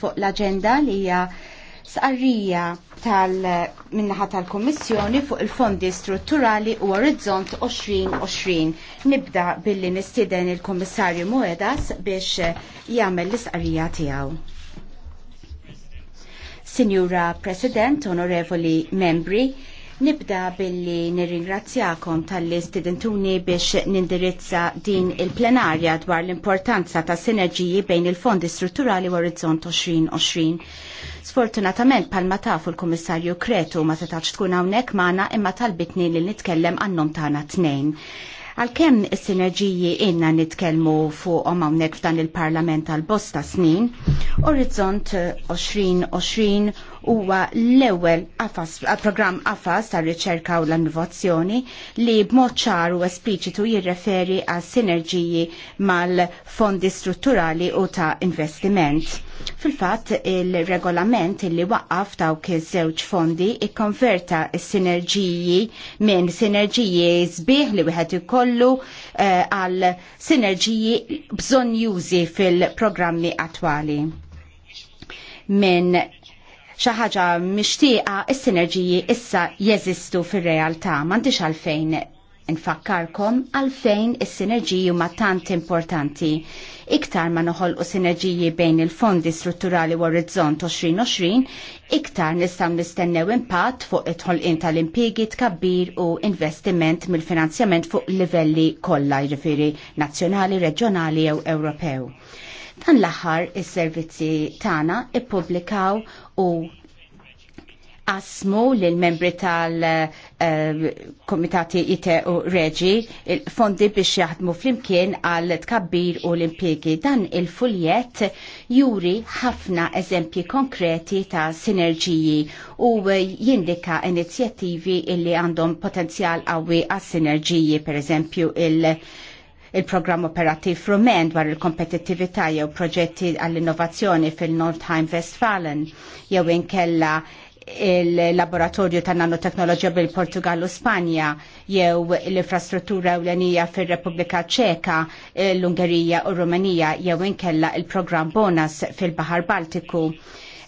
fuq l-agenda li hija sqarrija tal-minnaħa tal-Kommissjoni fuq il-fondi strutturali u Orizzont 2020. Nibda billi nistieden il-Kommissarju Moedas biex jagħmel l-isqarrija tiegħu. Signora President, onorevoli membri, Nibda billi nirringrazzjakom tal-li studentuni biex nindirizza din il-plenarja dwar l-importanza ta' sinerġiji bejn il-Fondi Strutturali Orizzont 2020. Sfortunatament palma tafu l kummissarju Kretu ma setax tkun hawnhekk magħna imma talbitni li nitkellem għannom tagħna tnejn. Għalkemm is-sinerġiji inna nitkellmu fuqhom hawnhekk f'dan il-Parlament għal bosta snin, Orizzont 2020 huwa l-ewwel programm AFAS tar riċerka u l-innovazzjoni li b'mod ċar u espliċitu jirreferi għal sinerġiji mal-fondi strutturali u ta' investiment. Fil-fatt il-regolament li waqqaf ta' iż-żewġ fondi ikkonverta s-sinerġiji minn sinerġiji sbieħ li wieħed ikollu eh, għal sinerġiji bżonn jużi fil-programmi attwali minn xi ħaġa mixtieqa is-sinerġiji issa jeżistu fir-realtà m'għandix għalfejn Nfakkarkom għalfejn is-sinerġiji huma tant importanti. Iktar ma noħolqu sinerġiji bejn il-fondi strutturali u Orizzont 2020, iktar nistgħu nistennew impatt fuq it-ħolqien tal-impjiegi tkabbir u investiment mill-finanzjament fuq livelli kollha jiġifieri nazzjonali, reġjonali jew Ewropew. Tan l-aħħar is-servizzi tagħna ippubblikaw u qasmu lil membri tal-Komitati eh, uh, ITE u Reġi il-fondi biex jaħdmu flimkien għal tkabbir u l-impiegi. Dan il-fuljet juri ħafna eżempji konkreti ta' sinerġiji u jindika inizjattivi illi għandhom potenzjal għawi għas sinerġiji, per eżempju il- il-programm operattiv rumen dwar il-kompetittività jew proġetti għall-innovazzjoni fil-Nordheim Westfalen jew inkella il-laboratorju ta' nanoteknoloġija bil portugal u Spanja jew l-infrastruttura ewlenija fil-Repubblika Ċeka, l-Ungerija u l-Rumanija, jew inkella il-programm Bonas fil-Bahar Baltiku.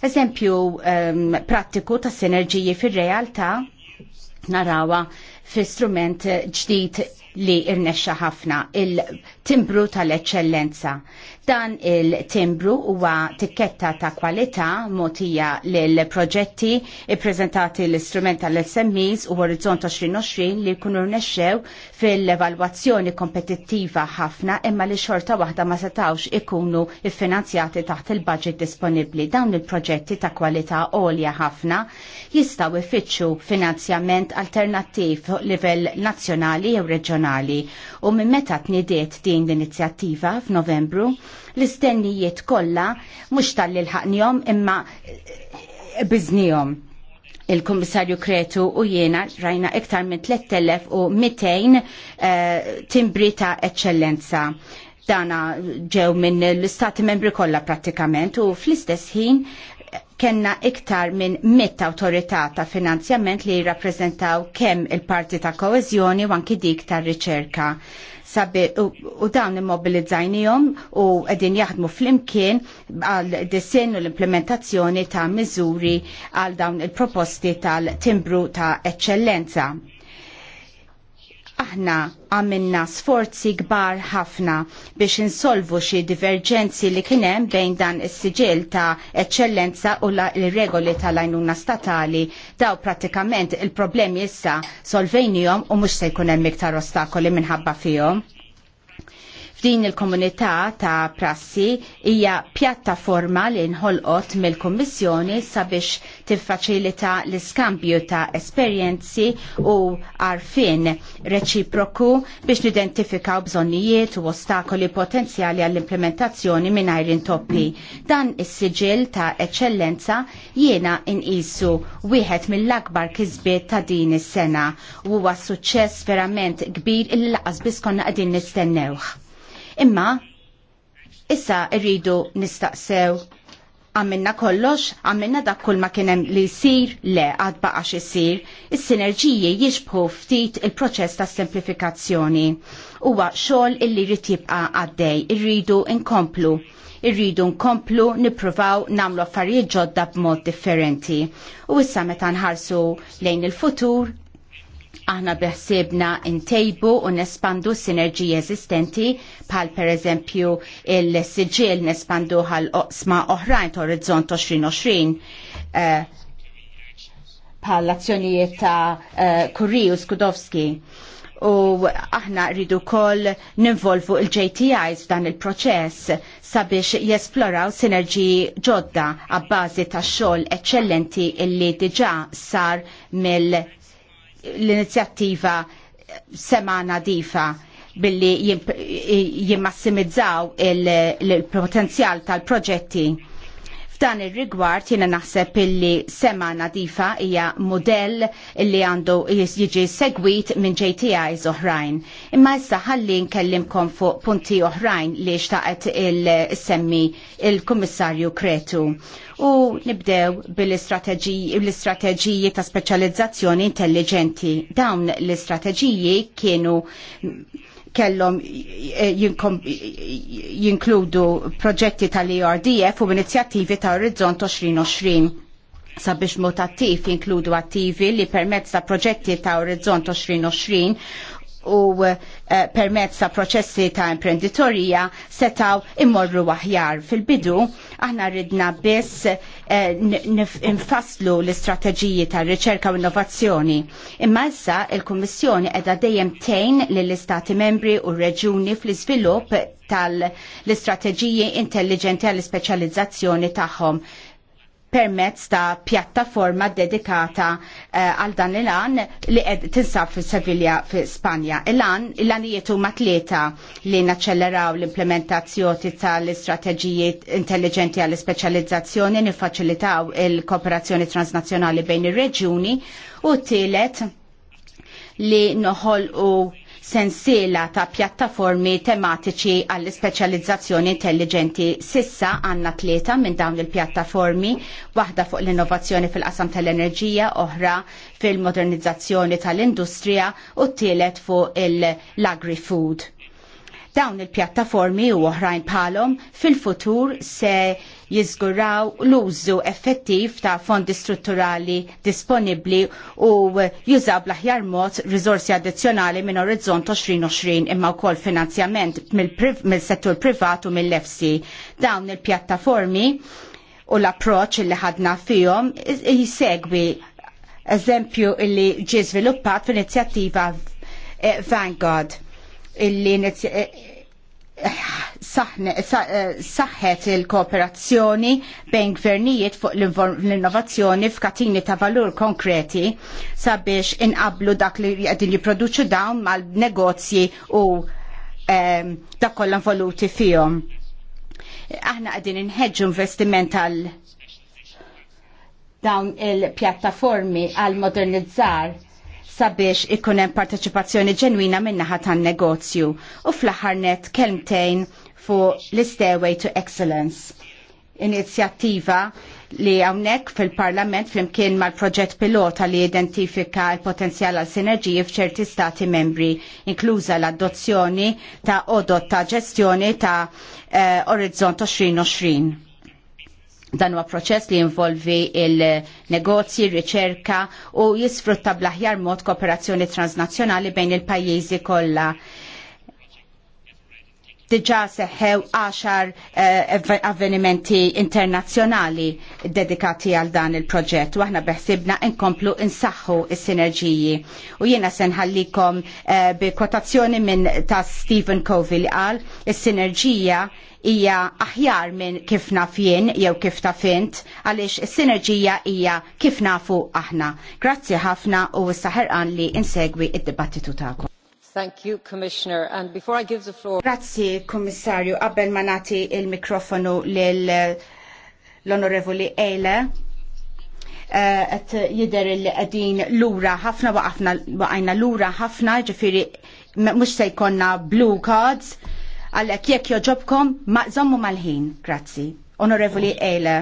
Eżempju um, prattiku ta' sinerġiji fil-realtà narawa fi strument ġdid li irnexxa ħafna il timbru tal-eċċellenza. Dan il-timbru huwa tikketta ta' kwalità motija lil proġetti ippreżentati l-istrument tal-SMEs u Orizzont 2020 li jkunu rnexxew fil-evalwazzjoni kompetittiva ħafna imma li xorta waħda ma setawx ikunu iffinanzjati taħt il-budget disponibbli. Dawn il-proġetti ta' kwalità għolja ħafna jistgħu ifittxu finanzjament alternattiv livell nazzjonali jew reġjonali u minn meta tnidiet din lejn l-inizjattiva f'Novembru, l-istennijiet kollha mhux tal-ilħaqnihom imma eh, biżniehom. Il-Kummissarju Kretu u jiena rajna iktar minn 3200 uh, eh, timbri ta' eċċellenza dana ġew minn l-istati membri kollha prattikament u fl-istess ħin kenna iktar minn mitt autorità ta' finanzjament li jirrappreżentaw kemm il-parti ta' koeżjoni u anki dik ta' riċerka. Sabi, u, u dawn immobilizzajnijom u għedin jaħdmu fl-imkien għal dissin u l-implementazzjoni ta' miżuri għal dawn il-proposti tal-timbru ta' eccellenza aħna għamilna sforzi kbar ħafna biex insolvu xi diverġenzi li kien hemm bejn dan is-siġil ta' eċċellenza u l-regoli tal-għajnuna statali daw pratikament il-problemi issa solvejnijom u mhux se jkun hemm iktar ostakoli minħabba fihom. F'din il-komunità ta' prassi hija pjattaforma li nħolqot mill-Kummissjoni sabiex tiffaċilita l-iskambju ta' esperjenzi u arfin reċiproku biex nidentifikaw bżonnijiet u ostakoli potenzjali għall-implementazzjoni mingħajr intoppi. Dan is-siġil ta' eċċellenza jiena inqisu wieħed mill-akbar kisbiet ta' din is-sena u huwa suċċess verament kbir il-laqas biss konna qegħdin nistennewh. Imma issa rridu nistaqsew għamilna kollox, għamilna dak kull ma kienem li jisir, le għad baqax jisir, is-sinerġiji jiexbħu ftit il-proċess ta' semplifikazzjoni. Huwa xogħol illi rrit jibqa' għaddej, irridu nkomplu. Irridu nkomplu nippruvaw nagħmlu affarijiet ġodda b'mod differenti. U issa meta nħarsu lejn il-futur, Aħna beħsibna intejbu u nespandu sinerġija eżistenti pal per eżempju il-sigġil nespandu għal oqsma oħrajn t-orizzont 2020 uh, eh, pal azzjonijiet ta' uh, eh, Kurri u Skudowski u aħna rridu kol ninvolvu il-JTIs f'dan il-proċess sabiex jesploraw sinerġiji ġodda għabbażi ta' xogħol eċċellenti illi diġà sar mill l-inizjattiva semana difa billi jimmassimizzaw il-potenzjal tal-proġetti F'dan ir-rigward jiena naħseb illi sema nadifa hija modell illi għandu jiġi segwit minn JTIs oħrajn. Imma issa ħalli nkellimkom fuq punti oħrajn li xtaqet il-semmi il-Kummissarju Kretu. U nibdew bil-istrateġiji ta' speċjalizzazzjoni intelligenti. Dawn l-istrateġiji kienu kellhom eh, jinkludu proġetti tal-ERDF u inizjattivi ta' Orizzont 2020 sabiex mod attiv jinkludu attivi li permezz ta' proġetti ta' Orizzont 2020 u eh, permezz ta' proċessi ta' imprenditorija setaw immorru aħjar. Fil-bidu aħna ridna biss Eh, infaslu l-istrateġiji ta' riċerka u innovazzjoni. Imma issa il-Kummissjoni edha dejjem tejn lill-Istati membri u reġuni fl-iżvilupp tal-istrateġiji intelligenti għall-ispeċjalizzazzjoni tagħhom permezz ta' pjattaforma dedikata eh, għal dan il-għan li qed tinsab fi Sevilla fi Spanja. Il-għan, il-għanijiet huma tlieta li naċċelleraw l-implementazzjoni tal istrateġiji intelligenti għall speċjalizzazzjoni niffaċilitaw il-kooperazzjoni transnazzjonali bejn ir-reġjuni u t-tielet li noħolqu sensiela ta' pjattaformi tematiċi għall speċjalizzazzjoni intelligenti. Sissa għanna tlieta minn dawn il-pjattaformi, waħda fuq l-innovazzjoni fil-qasam tal-enerġija, oħra fil-modernizzazzjoni tal-industrija u t-tielet fuq l-agri-food. Dawn il-pjattaformi u oħrajn bħalhom fil-futur se jiżguraw l-użu effettiv ta' fondi strutturali disponibbli u jużaw bl-aħjar mod riżorsi addizzjonali minn Orizzont 2020 imma wkoll finanzjament mill-settur -priv, mil privat u mill-EFSI. Dawn il-pjattaformi u l-approċ li ħadna fihom jisegwi eżempju li ġie żviluppat fl-inizjattiva eh, Vanguard illi eh, eh, saħħet il-kooperazzjoni bejn gvernijiet fuq l-innovazzjoni f'katini ta' valur konkreti sabiex inqablu dak li qegħdin jipproduċu dawn mal-negozji u ehm, dak kollha involuti fihom. Aħna qegħdin inħeġġu investiment għal dawn il-pjattaformi għal modernizzar sabiex ikun hemm parteċipazzjoni ġenwina min-naħa tan-negozju u fl-aħħar net kelmtejn fuq l-Stairway to Excellence. Inizjattiva li għawnek fil-parlament flimkien mal proġett pilota li identifika il-potenzjal għal sinerġiji f'ċerti stati membri, inkluża l-adozzjoni ta' odot ta' ġestjoni ta' eh, Orizzont 2020. Dan huwa proċess li involvi il-negozji, riċerka u jisfrutta bl-aħjar mod kooperazzjoni transnazzjonali bejn il-pajjiżi kollha. Diġà seħħew 10 eh, avvenimenti internazzjonali dedikati għal dan il-proġett u aħna beħsibna inkomplu insaħħu is-sinerġiji. U jiena se nħallikom eh, bi kwotazzjoni minn ta' Stephen Covey li qal is-sinerġija hija aħjar minn kif naf jien jew kif taf int għaliex is-sinerġija hija kif nafu aħna. Grazzi ħafna u saħer għan li insegwi id-dibattitu tagħkom. Thank you, Commissioner. And before I give the floor... Grazzi, Kommissarju. Qabel ma nagħti il-mikrofonu lil l-Onorevoli Eile, għet eh, jider il-għedin l-ura ħafna, waqajna l-ura ħafna, ġifiri, mux se blue cards, Għalhekk jekk joġobkom ma żommu mal-ħin. Grazzi. Onorevoli Ejle.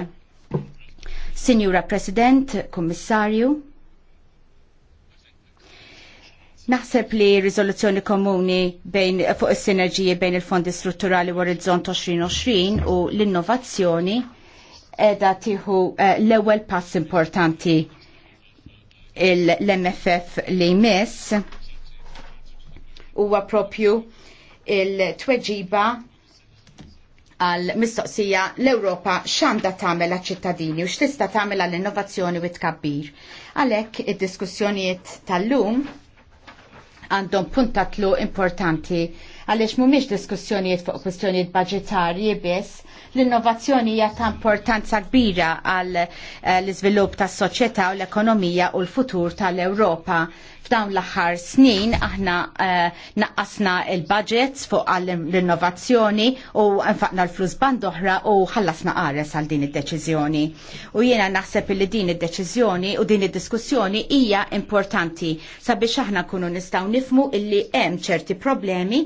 Signora President, Kommissarju, Naħseb li rizoluzzjoni komuni bejn fuq is-sinerġiji bejn il-Fondi Strutturali u Orizzont 2020 u l-innovazzjoni edha tiħu eh, l-ewwel pass importanti l-MFF li jmiss huwa propju il-tweġiba għal mistoqsija l-Europa xanda tagħmel għaċ-ċittadini u x'tista' tagħmel għall innovazzjoni u tkabbir. Għalhekk id-diskussjonijiet tal-lum għandhom puntatlu importanti għaliex mhumiex diskussjonijiet fuq kwistjonijiet budġetarji biss, l-innovazzjoni hija ta' importanza kbira għal eh, l-iżvilupp tas-soċjetà u l-ekonomija u l-futur tal-Ewropa. F'dawn l-aħħar snin aħna uh, naqqasna il-budgets fuq għall-innovazzjoni u nfaqna l-flus band oħra u ħallasna qares għal din id-deċiżjoni. U jiena naħseb li din id-deċiżjoni u din id-diskussjoni hija importanti sabiex aħna nkunu nistgħu nifmu illi hemm ċerti problemi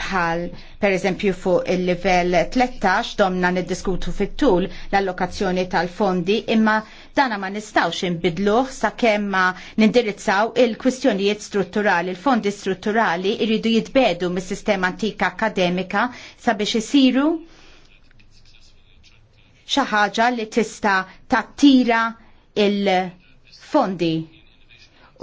bħal per eżempju fuq il-livell 13 domna niddiskutu fit-tul l-allokazzjoni tal-fondi imma Dana ma nistawx inbidluħ sa kemma nindirizzaw il-kwistjonijiet strutturali, il-fondi strutturali irridu jitbedu mis-sistema antika akademika sabiex isiru xi ħaġa li tista tattira il-fondi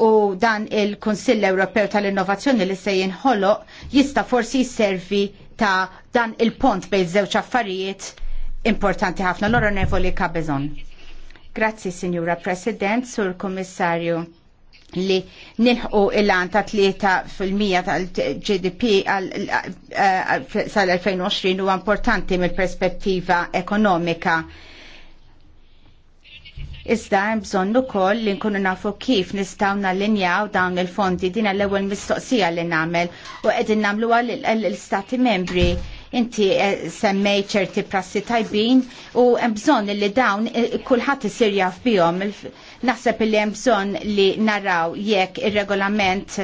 u dan il-Kunsill Ewropew tal-Innovazzjoni li se jinħoloq jista' forsi jisservi ta' dan il-pont bejn żewġ affarijiet importanti ħafna l-onorevoli Kabezon. Grazzi, Signora President, Sur Kommissarju li nilħu il-għan ta' 3% tal-GDP eh, sal-2020 u importanti mill-perspettiva ekonomika. Iżda hemm bżonn ukoll li nkunu nafu kif nistgħu nallinjaw dawn il-fondi din l-ewwel mistoqsija li nagħmel u qegħdin nagħmluha l istati membri Inti eh, semmej ċerti prassi tajbin u hemm bżonn li dawn eh, kulħadd isir jaf bihom. Naħseb li hemm bżonn li naraw jekk ir-regolament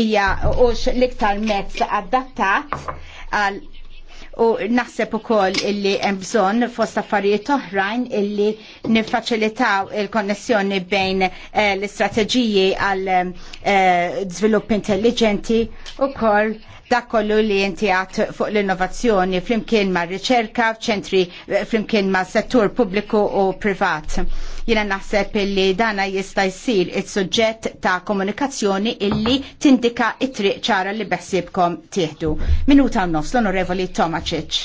hija hux l-iktar mezz adattat għal u naħseb ukoll illi hemm bżonn fost affarijiet oħrajn illi niffaċilitaw il-konnessjoni bejn eh, l-istrateġiji għal żvilupp intelligenti ukoll dak kollu li inti għat fuq l-innovazzjoni flimkien ma' riċerka, ċentri eh, flimkien ma' settur pubbliku u privat. Jina naħseb illi dana jista' jsir il sujġet ta' komunikazzjoni illi tindika it-triq ċara li beħsibkom tieħdu. Minuta u nofs l-Onorevoli Tomacic.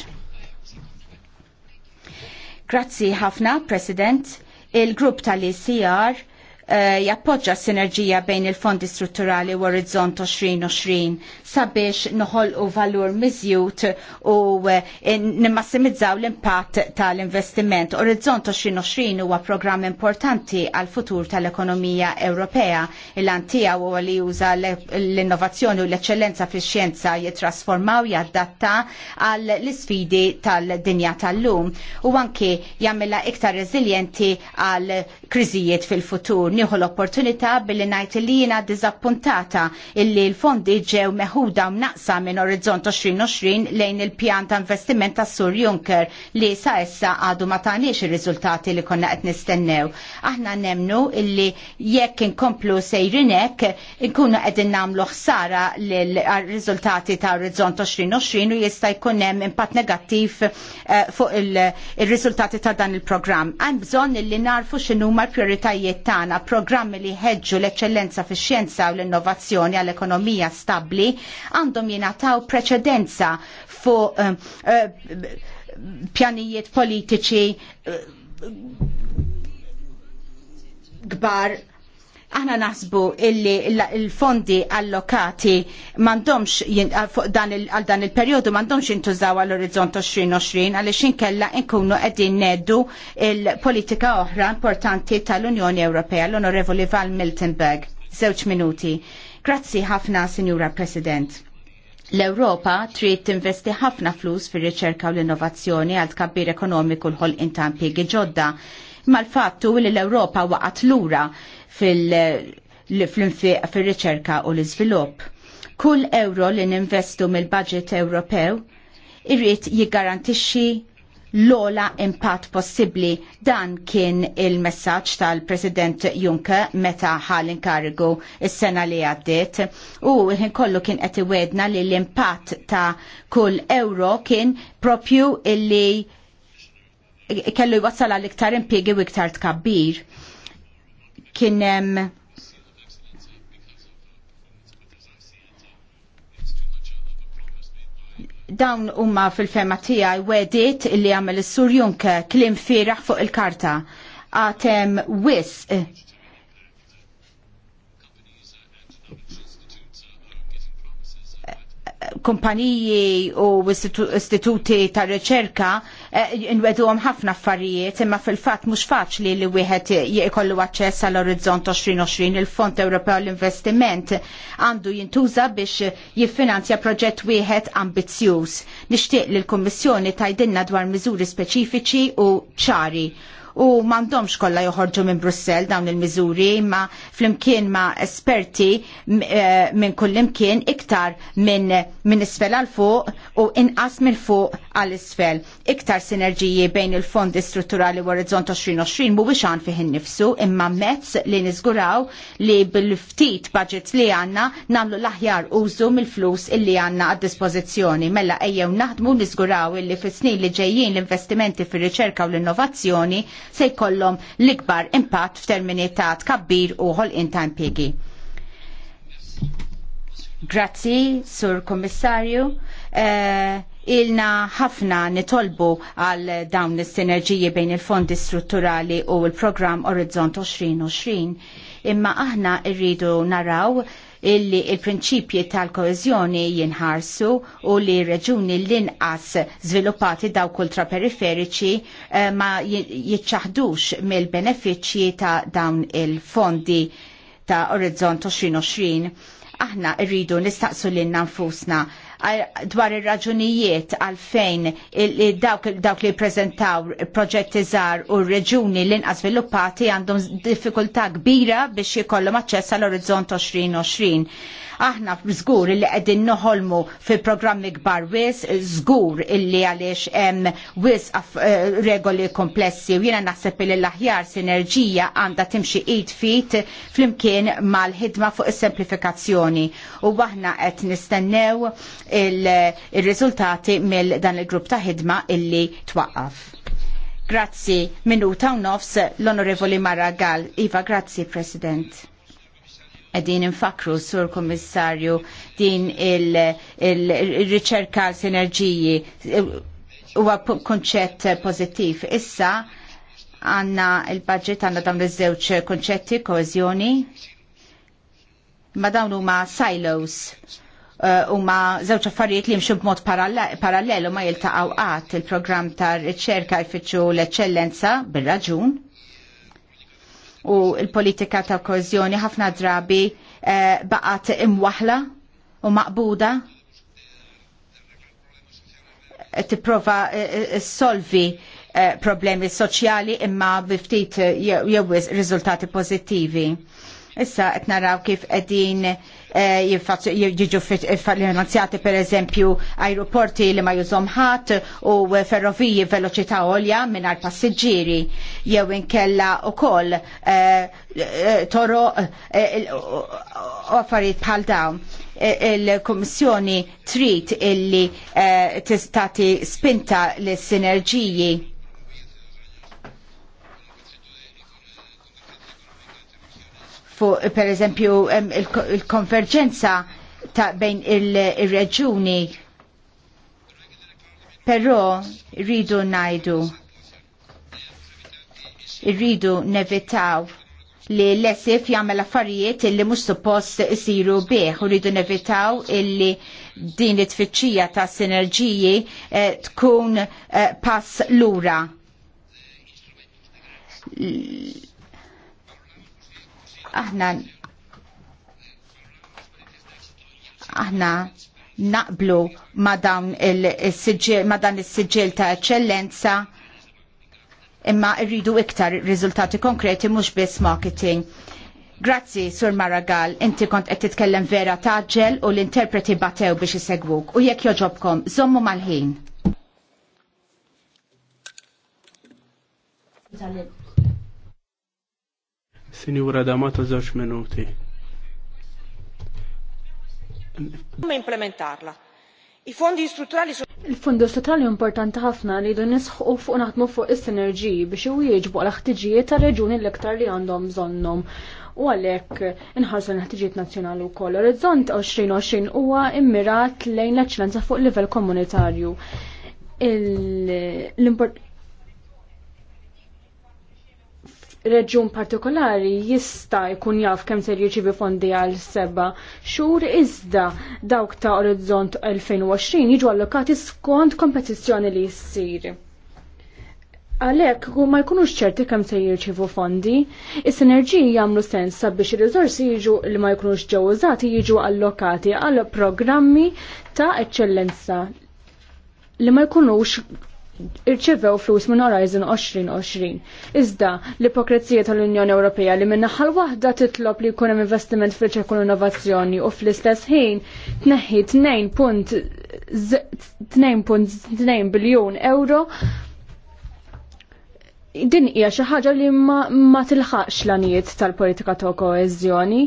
Grazzi ħafna, President. Il-grupp tal-ICR Eh, jappoġġa s-sinerġija bejn il-fondi strutturali u Orizzont 2020 sabiex noħolqu valur miżjut u eh, nimmassimizzaw l-impatt tal-investiment. Orizzont 2020 huwa programm importanti għal futur tal-ekonomija Ewropea il-antija u li juża l-innovazzjoni u l-eċċellenza fix xjenza jitrasformaw jaddatta għal l-sfidi tal-dinja tal-lum u anke jagħmilha iktar reżiljenti għal kriżijiet fil-futur. Nieħu l-opportunità billi ngħid li jiena diżappuntata illi l-fondi ġew meħuda mnaqsa minn Orizzont 2020 lejn il-pjan ta' investiment tas Sur Juncker li sa issa għadu ma tagħniex ir-riżultati li konna qed nistennew. Aħna nemnu illi jekk inkomplu sejrinek inkunu qegħdin nagħmlu ħsara l-riżultati ta' Orizzont 2020 u jista' jkun hemm impatt negattiv eh, fuq il-riżultati ta' dan il-programm. Hemm bżonn illi narfu x'inhuma huma l-prioritajiet tagħna programmi li ħeġġu l-eċċellenza fix-xjenza u l-innovazzjoni għall ekonomija stabbli għandhom jingħataw preċedenza fuq uh, uh, pjanijiet politiċi uh, eh, kbar Aħna naħsbu illi l-fondi allokati mandomx għal dan il-periodu mandomx jintużaw għall orizzont 2020 għaliex inkella nkunu qegħdin neddu il-politika oħra importanti tal-Unjoni Ewropea l-Onorevoli Val Miltenberg. Żewġ minuti. Grazzi ħafna, Signora President. L-Europa trid tinvesti ħafna flus fir-riċerka u l-innovazzjoni għal tkabbir ekonomiku l-ħolqien ta' impjiegi ġodda mal-fattu li l-Ewropa waqgħet lura fil-infiq fil-riċerka u l-iżvilupp. Kull euro li ninvestu mill-budget Ewropew irrit jiggarantixxi l-ola impatt possibbli dan kien il-messaġġ tal-President Juncker meta ħal inkarigu is-sena li għaddiet u ħin kollu kien qed iwedna li l-impatt ta' kull euro kien propju illi kellu jwassal għal iktar impiegi u iktar tkabbir. Kien hemm dawn huma fil-fema tiegħi wedit li għamel is-Sur Juncker kliem firaħ fuq il-karta għatem wisq kumpaniji u istituti ta' riċerka eh, għom ħafna affarijiet imma fil-fatt mhux faċli li wieħed jkollu aċċess għall orizzont 2020 il-Fond Ewropew l-Investiment għandu jintuża biex jiffinanzja proġett wieħed ambizzjuż. Nixtieq li l-Kummissjoni tajdinna dwar miżuri speċifiċi u ċari u m'għandhomx kollha joħorġu minn Brussell dawn il-miżuri imma flimkien ma' esperti eh, minn kullimkien iktar minn min isfel għal fuq u inqas minn fuq għal isfel. Iktar sinerġiji bejn il-fondi strutturali u Orizzont 2020 mhuwiex għan fiħin innifsu imma mezz li nizguraw li bil-ftit budget li għandna nagħmlu l-aħjar użu mill-flus illi għandna għad-dispożizzjoni mella ejjew naħdmu nizguraw illi fis-snin li ġejjin l-investimenti fir-riċerka u l-innovazzjoni se jkollhom l-ikbar impatt f'termini ta' tkabbir u ħolqien ta' impjiegi. Grazzi, Sur Kommissarju. Uh, ilna ħafna nitolbu għal dawn is-sinerġiji bejn il-fondi strutturali u l-programm Orizzont 2020 imma aħna rridu naraw illi il-prinċipji tal-koezjoni jinħarsu u li reġuni l-inqas sviluppati daw kultra periferiċi eh, ma jitċaħdux mill-benefiċji ta' dawn il-fondi ta' Orizzont 2020 aħna rridu nistaqsu lil nfusna dwar ir-raġunijiet għalfejn dawk li prezentaw proġetti żgħar u r-reġuni li inqas sviluppati għandhom diffikultà kbira biex jkollhom aċċess għal orizzont 2020. Aħna żgur li qegħdin noħolmu fil programmi kbar wis, żgur illi għaliex hemm wis eh, regoli komplessi u jiena naħseb li l-aħjar sinerġija għandha timxi id fit flimkien mal-ħidma fuq is-semplifikazzjoni. U aħna qed nistennew il-riżultati il mill dan il-grupp ta' ħidma illi twaqqaf. Grazzi, minuta u nofs l-Onorevoli Mara Gall. Iva, grazzi, President Edin infakru sur kommissarju din il-riċerka il, sinerġiji huwa konċett pozittiv. Issa għanna il-budget għanna dawn iż-żewġ konċetti koezjoni ma dawn huma silos Eh, huma żewġ affarijiet li jimxu b'mod parallel ma jiltaqgħu qatt il-programm ta' riċerka jfittxu l-eċċellenza bir-raġun u l-politika ta' kożjoni ħafna drabi eh, baqgħet imwaħla u maqbuda eh, tipprova solvi problemi soċjali imma biftit jew riżultati pożittivi. Issa qed naraw kif qegħdin Eh, jiġu eh, finanzjati per eżempju aeroporti li ma jużom ħadd u eh, ferroviji veloċità olja mingħajr passiġġieri jew inkella ukoll toro affarijiet bħal dawn il-Kummissjoni trid illi tistati spinta l-sinerġiji fuq per eżempju il-konverġenza ta' bejn il-reġuni. Però rridu najdu, rridu nevitaw li l-esif jagħmel affarijiet illi mhux suppost isiru bih u rridu nevitaw illi din it-tfittxija ta' sinerġiji eh, tkun pass eh, pass lura aħna aħna naqblu ma dan is-siġġiel ta' eċċellenza imma rridu iktar riżultati konkreti mhux biss marketing. Grazzi, Sur Maragall, inti kont qed titkellem vera taġġel u l-interpreti batew biex isegwuk u jekk joġobkom, żommu mal-ħin. Sinjura Damato żewġ minuti. Come implementarla? I fondi strutturali sono Il-fondi strutturali importanti ħafna li jdu nisħu fuq naħdmu fuq is-sinerġiji biex jieġbu għal ħtiġijiet tar-reġuni l-iktar li għandhom bżonnhom. U għalhekk inħarsu l-ħtiġijiet nazzjonali wkoll. Orizzont 2020 huwa immirat lejn l-eċċellenza fuq livell komunitarju. l reġjun partikolari jista' jkun jaf kemm ser jirċievi fondi għal seba xhur iżda dawk ta' Orizzont 2020 jiġu allokati skont kompetizzjoni li jsir. Għalhekk ma jkunux ċerti kemm se jirċievu fondi, is-sinerġiji jagħmlu sens sabiex ir-riżorsi jiġu li ma jkunux ġew użati jiġu allokati għal programmi ta' eċċellenza li ma jkunux irċevew flus minn Horizon 2020. Iżda l-ipokrezija tal-Unjoni Ewropea li minnaħa naħal waħda titlob li jkun hemm investiment fil u innovazzjoni u fl-istess ħin tneħħi 2.2 biljun euro din hija xi ħaġa li ma, ma tilħaqx l-anijiet tal-politika ta' koeżjoni.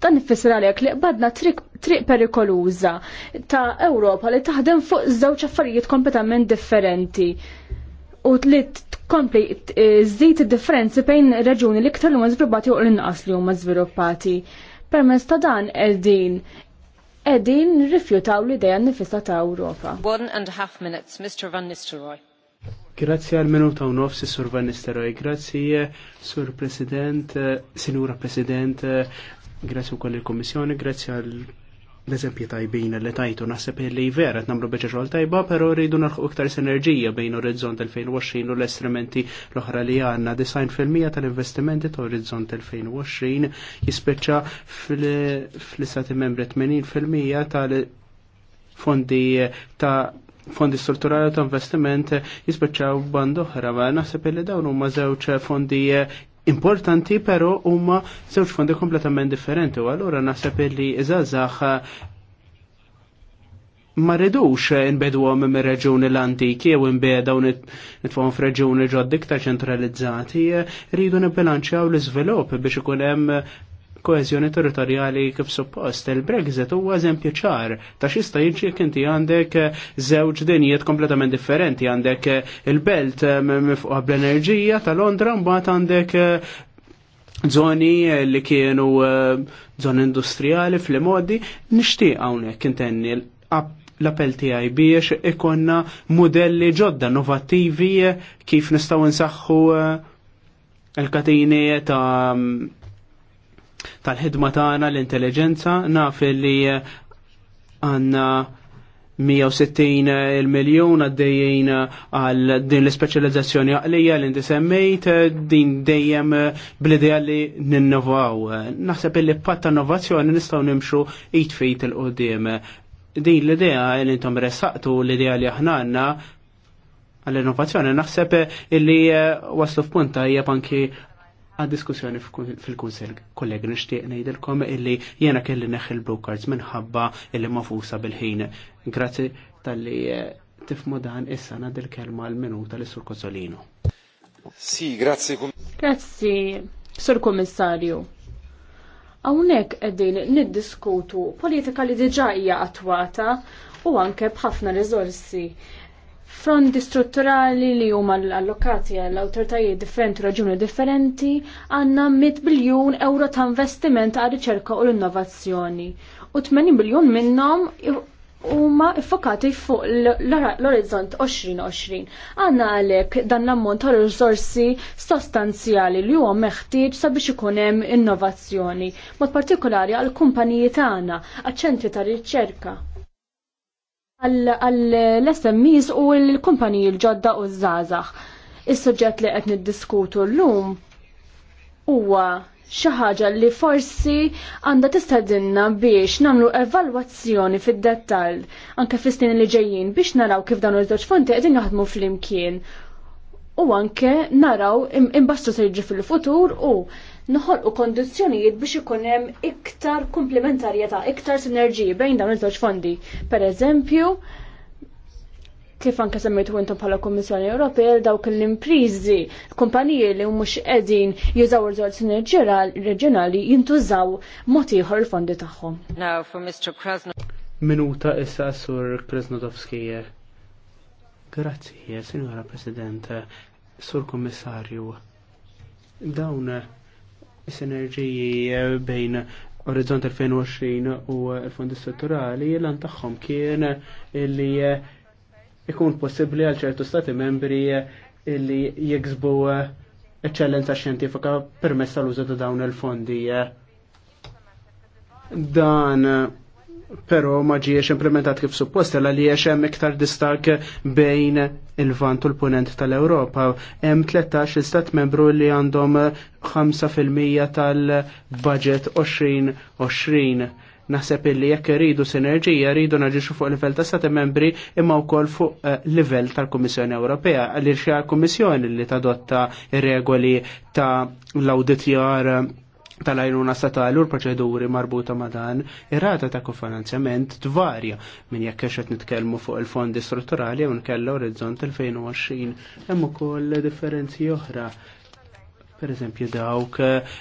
Dan ifisser għalhekk li qbadna trik triq perikoluża ta' Ewropa li taħdem fuq żewġ affarijiet kompletament differenti u li tkompli eh, żid differenzi bejn reġuni li iktar huma żviluppati u l-inqas li huma żviluppati. Permezz ta' dan qegħdin qegħdin rifjutaw l-idea nifisa ta' Ewropa. One and a half minutes, Mr. Van Nistelrooy. Grazzi al minuto u offsi Sur Van Nistelrooy. grazie Sur President, eh, Signora President, Grazie a quelle il grazie al l-eżempji tajbin li tajtu naħseb li vera namlu beċa xogħol tajba, però rridu narħu iktar sinerġija bejn Orizzont 2020 u l estrimenti l-oħra li għandna design fil-mija tal-investimenti ta' Orizzont 2020 jispeċċa fl-istati membri 80% fil-mija tal-fondi ta' fondi strutturali ta' investiment jispiċċaw band oħra, ma naħseb li dawn huma żewġ fondi importanti però huma żewġ fondi kompletament differenti u allura naħseb li iżgħażagħ ma rridux nbedu għom mir reġuni l-antiki u nbeda u nitfawm f-reġuni ġoddik ta' ċentralizzati, rridu nibilanċaw l-izvelop biex ikun hemm koezjoni territorjali kif suppost. Il-Brexit huwa eżempju ċar ta' xista jiġi inti għandek żewġ dinijiet kompletament differenti. Għandek il-belt eh, mifqob bl-enerġija ta' Londra mbagħad għandek eh, zoni li kienu eh, zoni industrijali fl-modi nixtieq hawnhekk intenni l-appell tiegħi biex ikonna modelli ġodda novattivi kif nistgħu nsaħħu l katini ta' tal-ħidma tagħna l-intelligenza naf li eh, għandna 160 eh, il-miljon għaddejjien eh, għal din l-speċjalizzazzjoni għalija li semmejt din dejjem bl-idea li ninnovaw. Naħseb li patta innovazzjoni nistgħu nimxu it fit il-qudiem. Din l-idea li intom ressaqtu l-idea li aħna għandna għall-innovazzjoni naħseb illi waslu f'punta hija anki għad-diskussjoni fil-Kunsel. Kollegi nixtieq ngħidilkom illi jiena kelli neħil blue cards minħabba illi mafusa bil-ħin. Grazzi tal-li eh, tifmu dan issa nad il-kelma l-minuta li sur Kozzolino. Si, grazzi. Grazzi, Sur Kommissarju. Hawnhekk qegħdin niddiskutu politika li diġà hija attwata u anke bħafna riżorsi fondi strutturali li huma allokati għall awtoritajiet differenti raġuni differenti għandna 100 biljun euro ta' investiment għal riċerka u l-innovazzjoni. U 80 biljun minnhom huma iffokati fuq l-orizzont 2020. Għandna għalhekk dan l-ammont ta' rizorsi sostanzjali li huwa meħtieġ sabiex ikun hemm innovazzjoni, mod partikolari għall kumpaniji tagħna, għaċ-ċentri ta' riċerka għall-SMEs u l-kumpaniji l-ġodda u z-żazax. Is-suġġett li qed niddiskutu llum huwa xi ħaġa li forsi għandha tistadinna biex nagħmlu evalwazzjoni fid-dettall anke fis-snin li ġejjin biex naraw kif dawn iż-żewġ fonti qegħdin jaħdmu flimkien u anke naraw imbastru se jiġi fil-futur u u kondizzjonijiet biex ikun hemm iktar komplementarjetà, iktar sinerġiji bejn dawn iż-żewġ fondi. Pereżempju, kif anke semmejtu intom bħala Kummissjoni Ewropea dawk l-imprizi, kumpaniji li mhux qegħdin jużaw ir sinerġiji reġjonali jintużaw mod ieħor il-fondi tagħhom. Now for Mr. Krasno. Minuta issa sur Krasnodowski. Grazzi, Signora President, Sur Kommissarju. Dawn sinerġiji eh, bejn Orizzont 2020 u il fondi strutturali l-an taħħom kien li eh, ikun possibli għal ċertu stati membri eh, li jiksbu eccellenza xjentifika permessa l użu ta' dawn il-fondi. Dan pero ma ġiex implementat kif suppost, la li jiex hemm iktar distak bejn il-vant u l-punent tal-Ewropa. Hemm 13 istat membru li għandhom 5% tal-budget 2020. Naħseb illi jekk iridu sinerġija rridu naġixu fuq livell ta' stati membri imma wkoll fuq eh, livell tal-Kummissjoni Ewropea għaliex hija l-Kummissjoni li tadotta regoli ta' l-awditjar tal-għajnuna statali u l-proċeduri marbuta ma' dan, ir-rata ta' kofinanzjament tvarja minn jekk qed nitkellmu fuq il-fondi strutturali u nkella orizzont 2020 hemm ukoll differenzi oħra. Per eżempju dawk eh,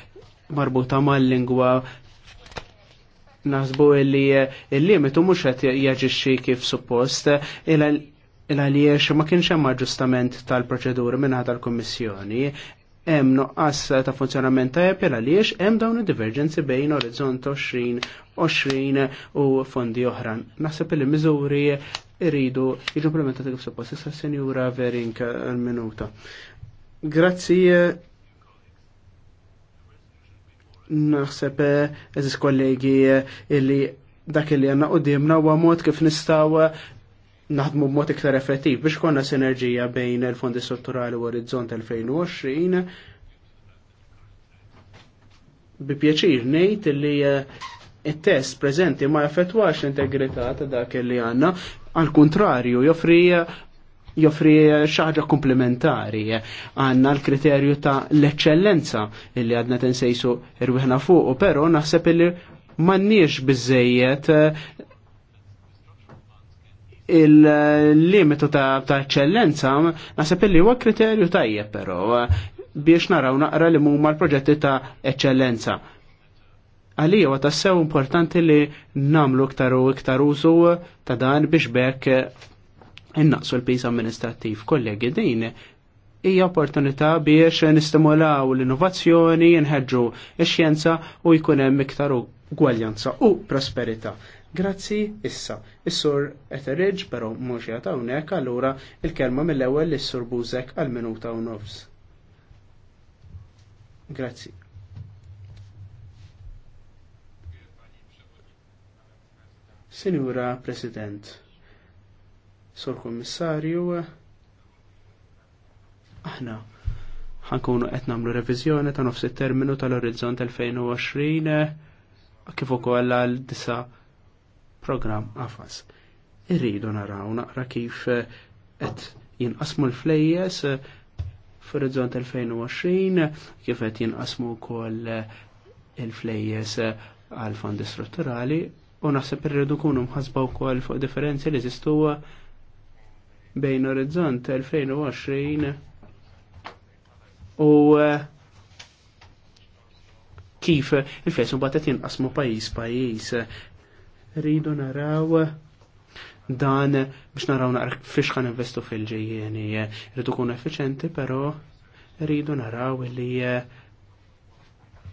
marbuta mal-lingwa nasbu li eh, il-limitu mhux qed jaġixxi kif suppost il għaliex ma kienx hemm aġġustament tal-proċeduri minn tal-Kummissjoni, hemm noqqas ta' funzjonament tajjeb Apple għaliex hemm dawn id-divergenzi bejn Orizzont 20 u fondi oħra. Naħseb li miżuri iridu jiġimplementati kif suppost issa senjura Verink għal-minuta. Grazzi naħseb eżis kollegi illi dak li għanna u dimna u għamot kif nistaw naħdmu b'mod iktar effettiv biex konna sinerġija bejn il-Fondi Strutturali u Orizzont 2020. Bi pjaċir ngħid li eh, it-test preżenti ma jaffettwax l-integrità ta' dak li għandna, għal kontrarju joffri joffri xaħġa komplementari għanna l-kriterju ta' l-eccellenza illi għadna tensejsu irwihna fuq, pero naħseb illi mannix bizzejiet eh, il-limitu ta', eccellenza nasab li huwa kriterju tajjeb però biex naraw naqra li huma l-proġetti ta' eccellenza. Għalija huwa tassew importanti li namlu iktar u iktar użu ta' dan biex bekk innaqsu l-pis amministrattiv. Kollegi, din hija opportunità biex nistimulaw l-innovazzjoni, nħeġġu x-xjenza u jkun hemm iktar gwaljanza u prosperità. Grazzi issa. Is-sur Etheridge però mhux jagħta hawnhekk allura il-kelma mill-ewwel lis-sur Buzek għal minuta u nofs. Grazzi. Sinjura President, Sur Kommissarju, aħna ħankunu qed nagħmlu reviżjoni ta' nofs it-terminu tal-orizzont 2020 kif ukoll għal disa' program għafas. Irridu naraw naqra kif eh, qed jinqasmu l-flejjes eh, f'orizzont 2020 kif qed jinqasmu wkoll eh, il-flejjes għal fondi strutturali u naħseb irridu kunu mħasba wkoll fuq differenzi li jeżistu bejn orizzont 2020 u kif il-flejs mbagħad qed jinqasmu pajjiż pajjiż rridu naraw dan biex naraw naqra fiex ħan investu fil-ġejjeni, rridu kun effiċenti, pero rridu naraw li eh,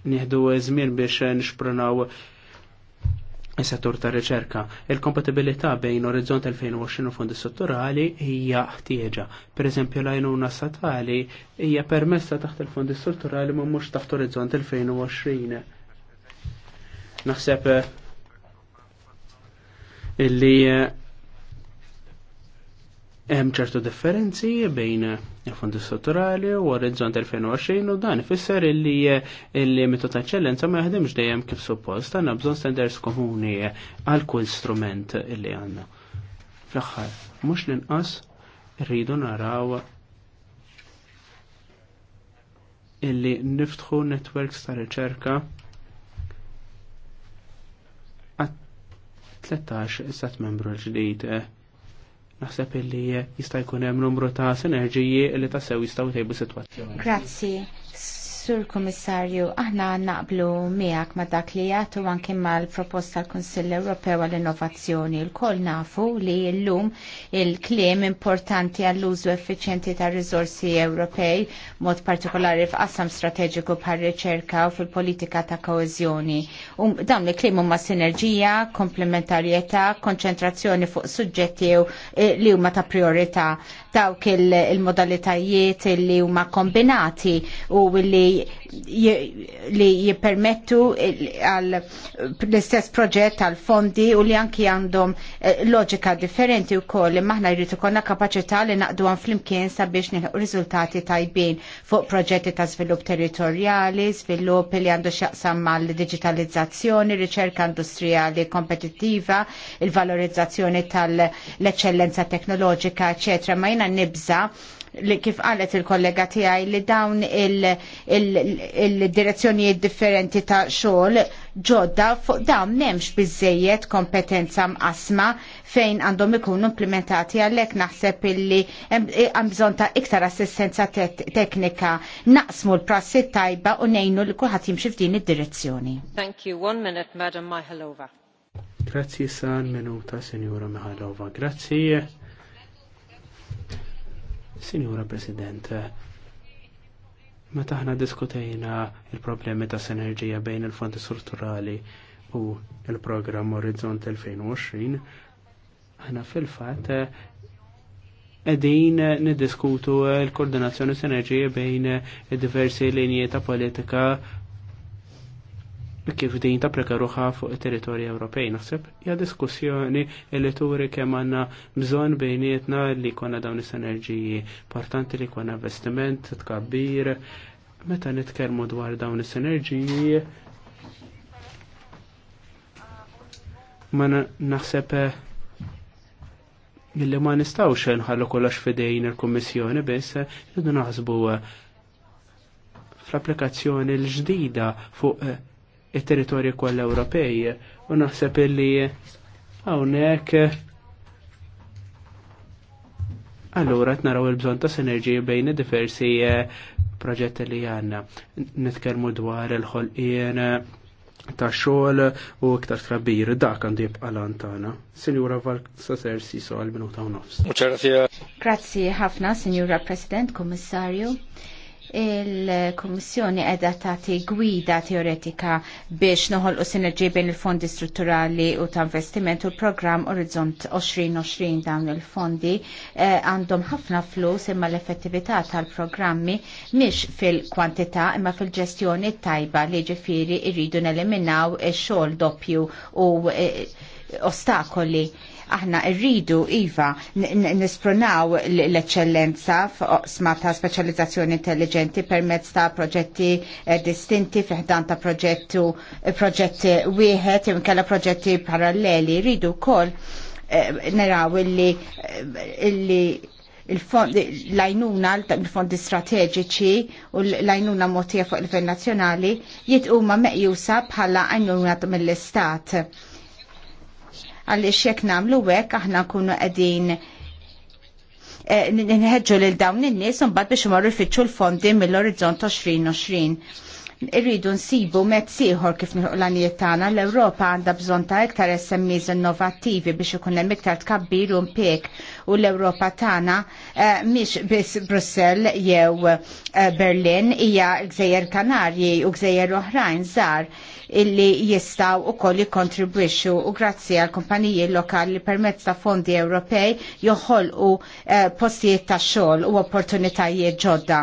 nieħdu żmien biex nixprunaw is-settur ta' riċerka. Il-kompatibilità bejn Orizzont 2020 u fondi strutturali hija ħtieġa. Pereżempju l-għajnuna statali hija permessa taħt il-fondi strutturali ma mhux taħt Orizzont 2020. Naħseb eh, illi eh, hemm ċertu differenzi bejn il-fondi strutturali u orizzont 2020 u dan ifisser illi eh, illi limitu ta' ċellenza ma jaħdimx dejjem kif suppost, għandna bżonn standards komuni eh, għal kull strument illi għandna. Fl-aħħar, mhux l-inqas rridu naraw illi niftħu networks ta' riċerka 13 sat membru l-ġdid. Naħseb illi jista' jkun hemm numru ta' sinerġiji li tassew jistgħu jtejbu sitwazzjoni. Grazzi. Sur Komissarju, aħna naqblu miegħek ma dak li jagħtu anke mal-proposta l-Kunsill Ewropew għall-Innovazzjoni. Lkoll nafu li llum il-kliem importanti għall-użu effiċjenti ta' riżorsi Ewropej, mod partikolari f'qassam strateġiku bħal riċerka u fil-politika ta' koeżjoni. Um, dawn li kliem huma sinerġija, komplementarjetà, konċentrazzjoni fuq suġġetti eh, li huma ta' priorità dawk il-modalitajiet il li huma kombinati u li li jippermettu għal l-istess proġett għal fondi u li anki għandhom eh, loġika differenti u koll maħna jrid ikollna kapaċità li naqdu għan flimkien sabiex nieħu riżultati tajbin fuq proġetti ta' svilupp territorjali, svilupp li għandu xaqsam mal-digitalizzazzjoni, riċerka industrijali kompetittiva, il-valorizzazzjoni tal-eċellenza teknoloġika, eċetera. Ma jina Nibza, li kif qalet il-kollega tiegħi li dawn il-direzzjonijiet differenti ta' xogħol ġodda fuq dawn m'hemmx biżejjed kompetenza mqasma fejn għandhom ikunu implementati għalhekk naħseb illi hemm bżonn ta' iktar assistenza teknika naqsmu l-prassi tajba u ngħinu li kulħadd jimxi f'din id-direzzjoni. Thank you. One minute, Madam Mihalova. Grazzi san minuta, signora Mihalova. Grazzi. Signora President, meta aħna diskutejna il-problemi ta' sinerġija bejn il-fondi strutturali u il-programm Orizzont 2020, aħna fil-fatt edin niddiskutu l-koordinazzjoni sinerġija bejn diversi linji ta' politika kif din ta' prekaruħa fuq il territori Ewropej. Naħseb hija diskussjoni li turi kemm għandna bżonn bejnietna li jkollna dawn is-sinerġiji. Importanti li konna investiment tkabbir. Meta nitkellmu dwar dawn is-sinerġiji ma naħseb illi eh, ma nistawx nħallu kollox fidejn il-Kummissjoni biss eh, rridu naħsbu eh, fl-applikazzjoni l-ġdida fuq il-territorju koll Ewropej. U naħseb illi hawnhekk allura qed naraw il-bżonn ta' sinerġiji bejn diversi eh, proġetti li għandna. Nitkellmu dwar il-ħolqien ta' xogħol u iktar trabbir dak għandu jibqa' lantana. Sinjura Val Saser Siso għal minuta u nofs. Grazzi ħafna, Sinjura President, Kommissarju. Il-Kommissjoni edha tagħti gwida teoretika biex noħolqu sinerġi bejn il-fondi strutturali u ta' investiment u l-programm Orizzont 2020 dawn il-fondi eh, għandhom eh, ħafna flus imma l-effettività tal-programmi mhix fil-kwantità imma fil-ġestjoni tajba li ġifiri irridu neliminaw ix-xogħol doppju u eh, ostakoli Aħna rridu iva nispronaw l-eċċellenza f'oqsma ta' speċjalizzazzjoni intelligenti permezz ta' proġetti eh, distinti fiħdan ta' proġettu eh, proġett wieħed imkella proġetti paralleli. Rridu wkoll eh, naraw illi l-għajnuna l-fondi strateġiċi u l-għajnuna motija fuq il-livell nazjonali jitquma meqjusa bħala għajnuna mill-istat għaliex jekk nagħmlu hekk aħna nkunu qegħdin eh, nħedġu lil dawn in-nies imbagħad biex imorru fitxu l-fondi mill-orizzont 2020 irridu nsibu mezz ieħor kif nilħu l-għanijiet tagħna l-Ewropa għandha bżonn ta' iktar SMEs innovattivi biex ikun hemm iktar tkabbir u mpjek u l-Ewropa tagħna eh, mhix biss Brussell jew eh, Berlin hija Gżejjer Kanarji u Gżejjer oħrajn żgħar illi jistaw u koll jikontribwixxu u grazzi għal kumpaniji lokali li permezz ta' fondi Ewropej joħolqu eh, postijiet ta' xogħol u opportunitajiet ġodda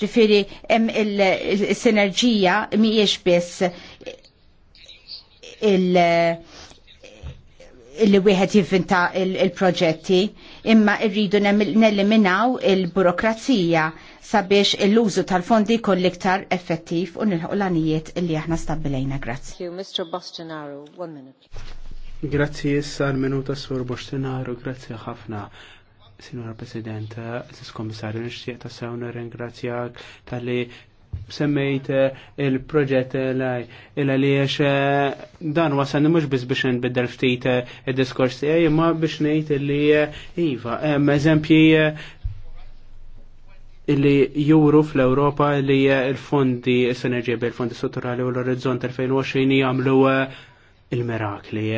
Ġifiri, il-sinerġija miex biss il- li wieħed jivvinta il-proġetti, imma irridu neliminaw il-burokrazija sabiex l-użu tal-fondi jkun l-iktar effettiv u nilħu l-anijiet li aħna stabbilejna. Grazzi. Mr. Bostinaro, one minute. Grazzi issa l-minuta sur Bostinaro, grazzi ħafna. Signora President, Sis Komissarju, nixtieq ta' nirringrazzjak ringrazzjak tal-li semmejt eh, il-proġett eh, il-għaliex eh, dan wasan mux biex biex nbiddel ftit il-diskors tiegħi, imma biex ngħid li iva, hemm eżempji li juru fl-Ewropa li l-fondi, s-enerġija bil-fondi strutturali u l-orizzont 2020 jagħmlu il-mirakli.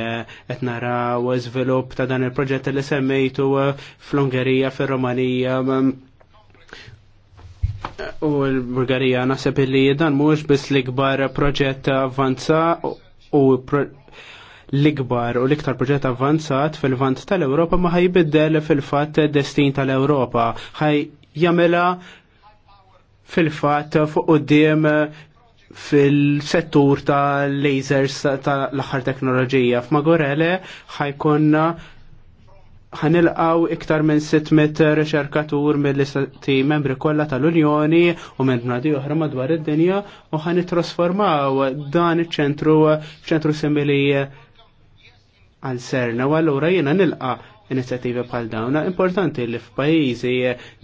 Qed naraw zvilup ta' dan il-proġett li semmejtu eh, fl-Ungerija, fir-Romanija mm, eh, u l-Bulgarija naħseb li dan mhux biss l-ikbar proġett avvanza u l-ikbar u l-iktar proġett avvanzat fil-vant tal-Ewropa ma ħajbiddel fil-fatt destin tal-Ewropa. ħaj jamela fil-fat fuq qudiem fil-settur ta' lasers ta' l-axar teknoloġija. F'Magorele ħajkonna ħanilqaw iktar minn 600 reċerkatur mill-istati membri kollha tal-Unjoni u minn nadi oħra madwar id-dinja u ħanitrasformaw dan iċ-ċentru f'ċentru simili għal serna u allura jiena nilqa' inizjattivi bħal dawna. Importanti li f'pajjiżi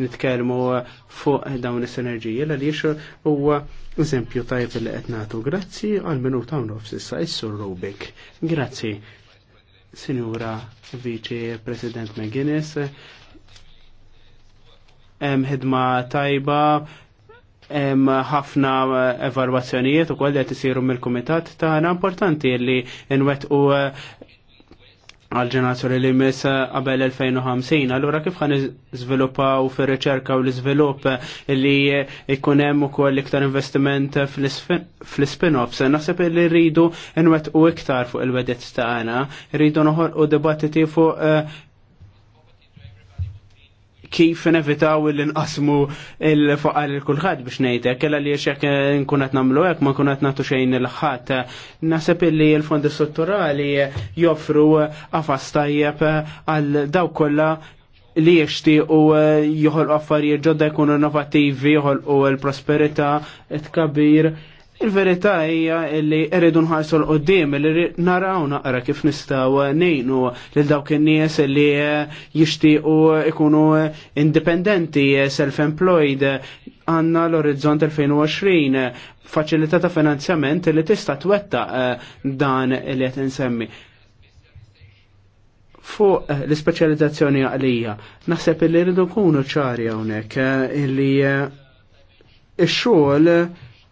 nitkellmu fuq dawn is-sinerġiji l għaliex huwa eżempju tajb li qed nagħtu. Grazzi għal minuta ta' nofs'issa, issu Rubik. Grazzi. Sinjura Viċi President McGuinness, hemm ħidma tajba, hemm ħafna evalwazzjonijiet ukoll qed isiru mill-kumitat tagħna importanti li nwettqu għal-ġenerazzjoni li mis qabel 2050. Allura kif ħan iżviluppaw fir-riċerka u l-iżvilupp li jkun hemm ukoll iktar investiment fl-spin-offs. Naħseb li rridu nwettqu iktar fuq il-wedet tagħna, rridu noħolqu dibattiti fuq eh, kif nevitaw l-inqasmu il-faqar il-kulħad biex nejtek, kella li xek nkunat namlu għek, ma nkunat natu xejn il-ħat. Nasib li l-fondi strutturali joffru għafas tajjeb għal daw kolla li jiexti u joħol affarijiet ġodda jkunu innovativi, joħol u l-prosperita, t kabir Il-verità hija li rridu nħarsu l-qoddim, li naraw naqra kif nistaw nejnu li dawk in-nies li eh, jixtiequ ikunu indipendenti, eh, self-employed, għanna l-orizzont 2020 faċilità ta' finanzjament li tista' twetta eh, dan li qed insemmi. Fuq l-ispeċjalizzazzjoni għalija, naħseb li rridu nkunu ċari hawnhekk illi x-xogħol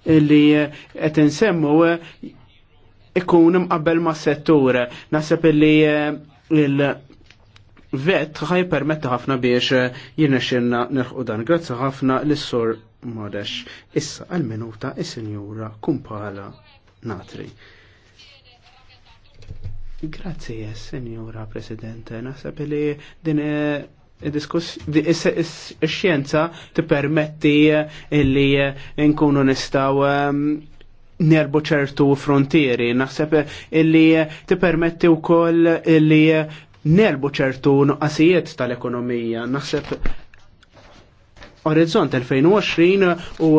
li eh, qed insemmu eh, ikun imqabbel ma' settur. Naħseb li eh, il-vet ħaj permetta ħafna biex jirnexxinna nirħu dan. Grazzi ħafna l-sur Mordex. Issa għal-minuta il-senjura kumpala natri. Grazie, senjura Presidente. Nasab li din il-xienza xjenza tippermetti eh, li eh, nkunu nistaw ehm, nerbu ċertu frontieri. Naħseb eh, illi tippermetti wkoll illi nerbu ċertu nuqqasijiet tal-ekonomija. Naħseb Orizzont 2020 u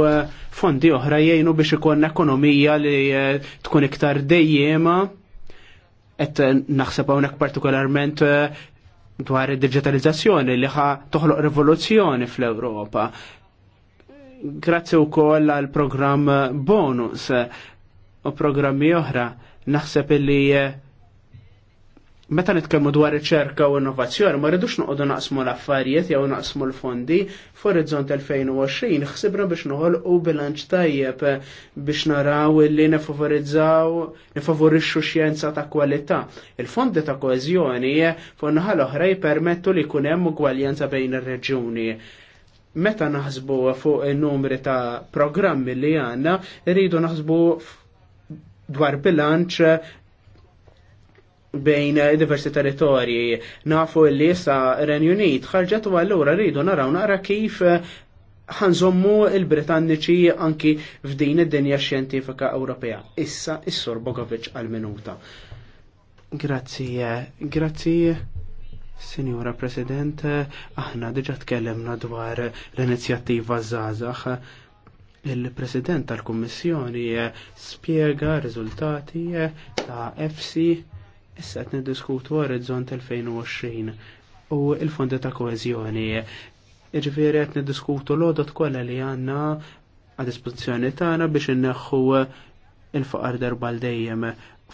fondi oħra jgħinu biex ikon ekonomija li tkun iktar dejjema. Et naħseb hawnhekk partikolarment dwar id-digitalizzazzjoni li ħa toħloq rivoluzzjoni fl-Ewropa. Grazzi wkoll għal programm bonus u programmi oħra naħseb illi eh, meta nitkellmu dwar riċerka u innovazzjoni ma rridux noqogħdu naqsmu l-affarijiet jew naqsmu l-fondi f'orizzont 2020 ħsibna biex noħolqu bilanċ tajjeb biex naraw li nifavorizzaw nifavorixxu xjenza ta' kwalità. Il-fondi ta' koeżjoni fuq naħa l-oħra jpermettu li jkun hemm ugwaljanza bejn ir-reġjuni. Meta naħsbu fuq in-numri ta' programmi li għandna, rridu naħsbu dwar bilanċ bejn diversi territorji. Nafu li sa' Renju Unit ħarġet u allura rridu naraw nara kif eh, ħanżommu il-Britanniċi anki f'din id-dinja xjentifika Ewropea. Issa is-Sur Bogovic għal-minuta. Grazzi, eh, grazzi. Signora President, aħna diġa tkellimna dwar l-inizjattiva Zazax. Il-President tal-Kummissjoni eh, spiega riżultati ta' FC. Issa qed niddiskutu Orizzont 2020 u il-fondi ta' koeżjoni. Jiġifieri qed niddiskutu l odot kollha li għandna għad dispozizjoni tagħna biex inneħħu il-faqar darba dejjem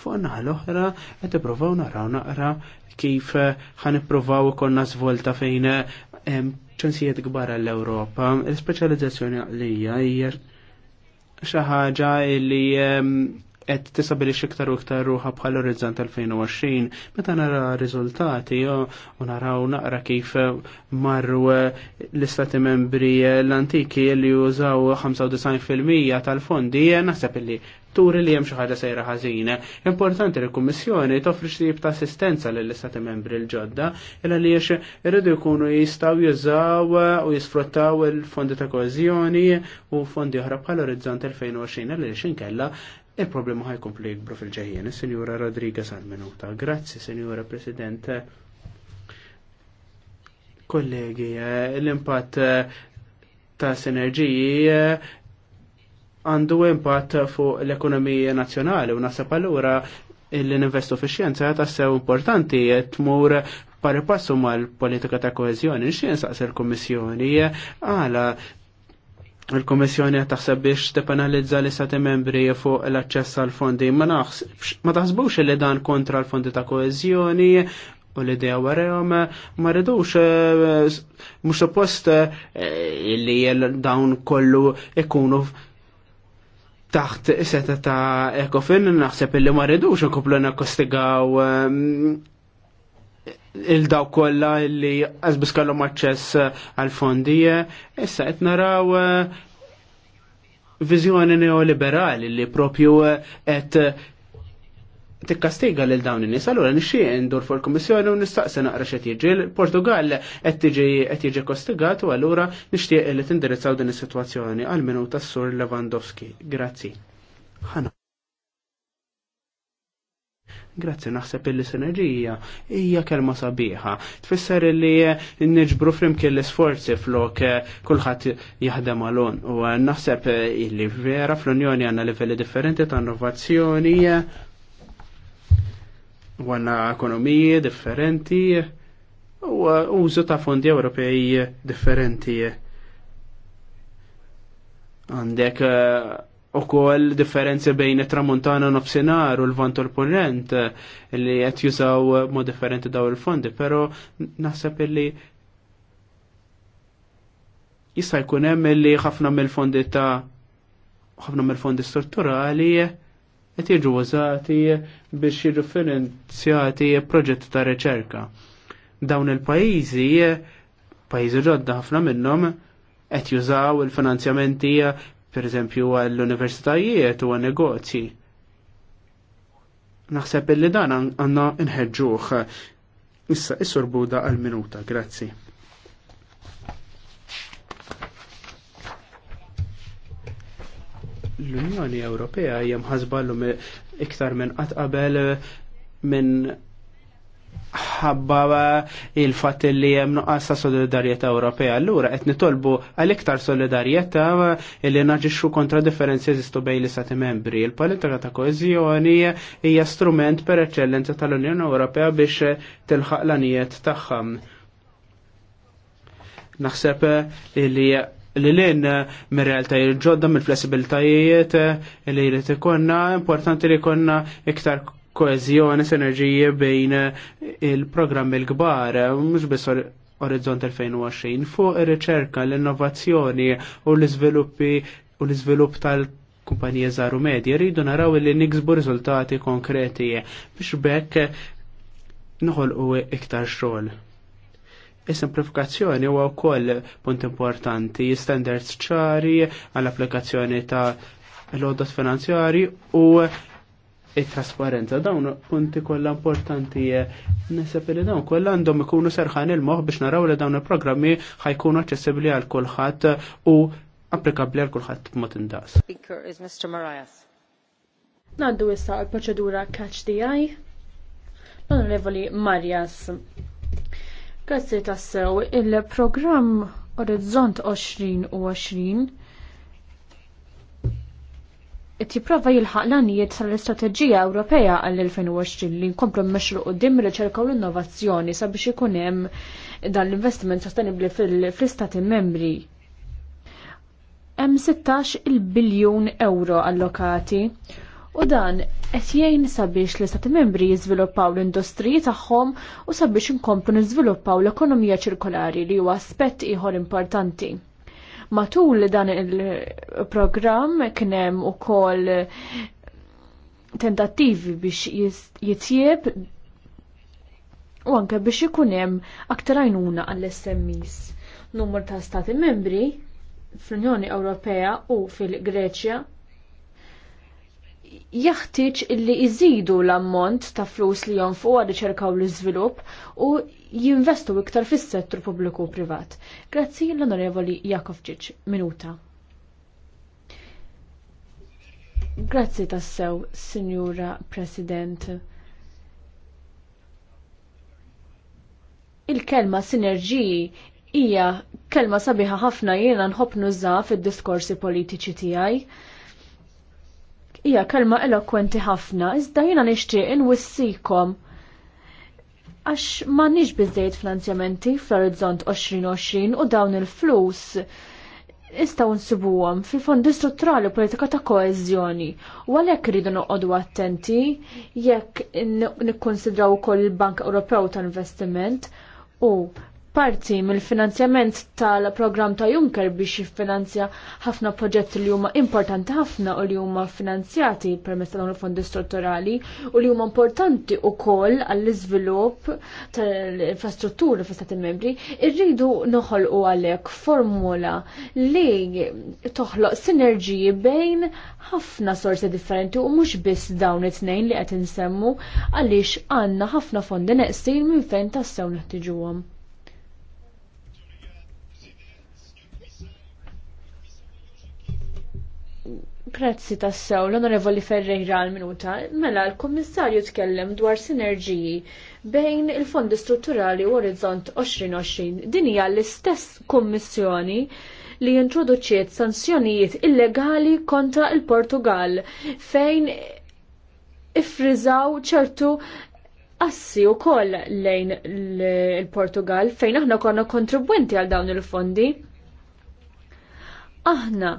Fuq naħa l-oħra qed ippruvaw naraw naqra kif ħan ippruvaw ikollna svolta fejn ċansijiet kbar l-Ewropa. Il-speċjalizzazzjoni għalija hija xi ħaġa li ehm, qed tisabili xiktar u ktar ruħa bħal orizzant 2020 meta nara riżultati u naraw naqra kif marru l-istati membri l-antiki li jużaw 95% tal-fondi naħseb li turi li hemm xi ħaġa sejra ħazina. Importanti li l-Kummissjoni toffri xtib ta' assistenza lill istati membri l-ġodda illa li jiex irridu jkunu jistgħu jużaw u jisfruttaw il-fondi ta' koeżjoni u fondi oħra bħal Orizzant 2020 li xinkella il-problema ħajkomplu jikbru fil-ġejjien. Senjura Rodriguez għal-minuta. Grazzi, Senjura President. Kollegi, eh, l-impatt eh, ta' sinerġiji eh, għandu impatt fuq l-ekonomija nazzjonali u nasab allura l-investu fi xjenza ta' sew importanti tmur pari passu mal-politika ta' koezjoni. Xjenza saqs il-Kommissjoni għala il-Komissjoni taħseb biex tepenalizza li stati membri fuq l-aċċess għal fondi. Ma naħsbx, ma taħsbux li dan kontra l-fondi ta' koezjoni u l dija warajom ma ridux eh, mux suppost eh, li dawn kollu ikunu taħt seta ta' ekofin naħseb illi ma ridux nkoplu nekostigaw. Eh, il-daw kolla li għazbis kallom aċċess għal-fondi, issa qed naraw eh, viżjoni neoliberali li propju eh, qed tikkastiga lil dawn in-nies. Allura nixtieq ndur fuq il-Kummissjoni u nistaqsi naqra x'qed jiġi. Il-Portugal qed tiġi jiġi kostigat u allura nixtieq li tindirizzaw din is-sitwazzjoni għal minuta s-sur Lewandowski. Grazzi. Ħana. Grazzi, naħseb illi sinerġija hija kelma sabiħa. Tfisser illi eh, niġbru flimkien l-isforzi flok eh, kulħadd jaħdem għalun. U eh, naħseb illi vera fl-Unjoni għandna livelli differenti ta' innovazzjoni u ekonomiji differenti u użu ta' fondi Ewropej differenti. Għandek u kol differenzi bejn tramontana nofsinar u l-vant u l-ponent eh, li għet jużaw eh, mod differenti daw il-fondi, pero naħseb li jista' jkun hemm li ħafna mill-fondi ta' ħafna mill-fondi strutturali qed jiġu użati biex jirrifinanzjati proġett ta' riċerka. Dawn il-pajjiżi, pajjiżi ġodda ħafna minnhom, qed jużaw il-finanzjamenti per eżempju għall-universitajiet u għal-negozji. Naħseb li dan għanna nħedġuħ. Issa, issur Buda għal-minuta, grazzi. L-Unjoni Ewropea hija mħasba iktar minn qatt qabel minn ħabba il-fat li jem nuqqas ta' solidarieta Ewropea. Allura, qed nitolbu għal-iktar solidarieta li naġixxu kontra differenzi jeżistu bejn li stati membri. Il-politika ta' koezjoni hija strument per eċċellenza tal-Unjoni Ewropea biex tilħaq l-anijiet tagħha. Naħseb li li l-in mir realtà ġodda mill-flessibilitajiet li jrid ikonna, importanti li konna iktar koezjoni, sinerġija bejn il programm il kbar mux biss Orizzont 2020, fuq ir-riċerka, l-innovazzjoni u l-iżviluppi u l-iżvilupp tal kumpanija żaru Media, rridu naraw li niksbu riżultati konkreti biex bekk noħolqu iktar xogħol. Is-simplifikazzjoni huwa wkoll punt importanti, standards ċari għall-applikazzjoni ta' l-għoddat finanzjari u it-trasparenza dawn punti kollha importanti nisab li dawn kollha għandhom ikunu serħan il-moħħ biex naraw li dawn il-programmi ħajkunu aċċessibbli għal kulħadd u applikabbli għal kulħadd b'mod indas. Speaker is Mr. Naddu issa għal proċedura catch the eye. L-Onorevoli Marjas. Grazzi tassew il-programm Orizzont 20 u 20 jipprova jilħaq l-għanijiet tal-Istrateġija Ewropea għall-2020 li nkomplu mmexru qudiem riċerka u l-innovazzjoni sabiex ikun hemm dan l-investiment sostenibbli fl-Istati membri. Hemm 16 il-biljun euro allokati u dan qed jgħin sabiex l-Istati membri jiżviluppaw l-industriji tagħhom u sabiex inkomplu niżviluppaw l-ekonomija ċirkolari li huwa aspett ieħor importanti. Matul dan il program kien hemm ukoll tentattivi biex jitjieb u anke biex ikun hemm aktar għajnuna għall smis Numru ta' stati membri fl-Unjoni Ewropea u fil-Greċja jaħtieġ illi jżidu l-ammont ta' flus li fuq għad iċerkaw l-iżvilupp u jinvestu iktar fis-settur pubbliku u privat. Grazzi l-Onorevoli Jakovčić, minuta. Grazzi tassew, Signora President. Il-kelma sinerġiji hija kelma sabiħa ħafna jiena nħobb nuża fid-diskorsi politiċi tiegħi Ija, kelma elokwenti ħafna, iżda jiena nixtieq inwissikom għax m'għandniex biżejjed finanzjamenti fl-Orizzont 2020 u dawn il-flus istaw nsibuhom fil-fondi strutturali politika ta' koeżjoni. U għalhekk rridu noqogħdu attenti jekk nikkonsidraw ukoll il-Bank Ewropew ta' Investiment u parti mill-finanzjament tal-programm ta' Juncker biex jiffinanzja ħafna proġetti li huma importanti ħafna u li huma finanzjati permezz tal fondi strutturali u li huma importanti wkoll għall-iżvilupp tal-infrastrutturi fl stati membri, irridu noħolqu għalhekk formula li toħloq sinerġiji bejn ħafna sorsi differenti u mhux biss dawn it-tnejn li qed insemmu għaliex għandna ħafna fondi neqsin minn fejn tassew neħtiġuhom. Grazzi tassew, l-Onorevoli Ferreira għal-minuta. Mela, l-Kommissarju tkellem dwar sinerġiji bejn il-Fondi Strutturali u Orizzont 2020. Din hija l-istess Kommissjoni li introduċiet sanzjonijiet illegali kontra il-Portugal fejn ifriżaw ċertu assi u koll lejn il-Portugal fejn aħna konna kontribwenti għal dawn il-fondi. Aħna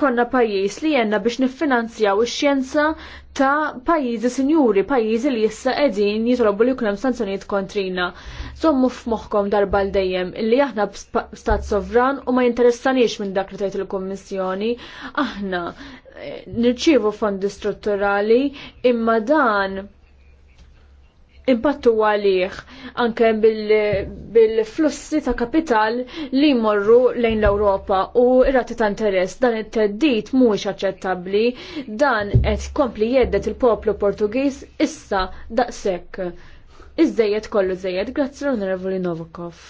konna pajjiż li jenna biex niffinanzjaw ix-xjenza ta' pajjiżi sinjuri, pajjiżi li issa qegħdin jitolbu li jkun hemm sanzjonijiet kontrina. Sommu f'moħħkom darba l dejjem illi aħna stat sovran u ma jinteressanix minn dak li tgħid il-Kummissjoni. Aħna eh, nirċievu fondi strutturali imma dan imbattu għalih anke bil-flussi ta' kapital li morru lejn l-Ewropa u rati ta' interess dan it-teddit mhuwiex aċċettabbli dan qed kompli jeddet il-poplu Portugiż issa daqshekk. Iżejjed kollu żejjed, grazzi l-Onorevoli Novakov.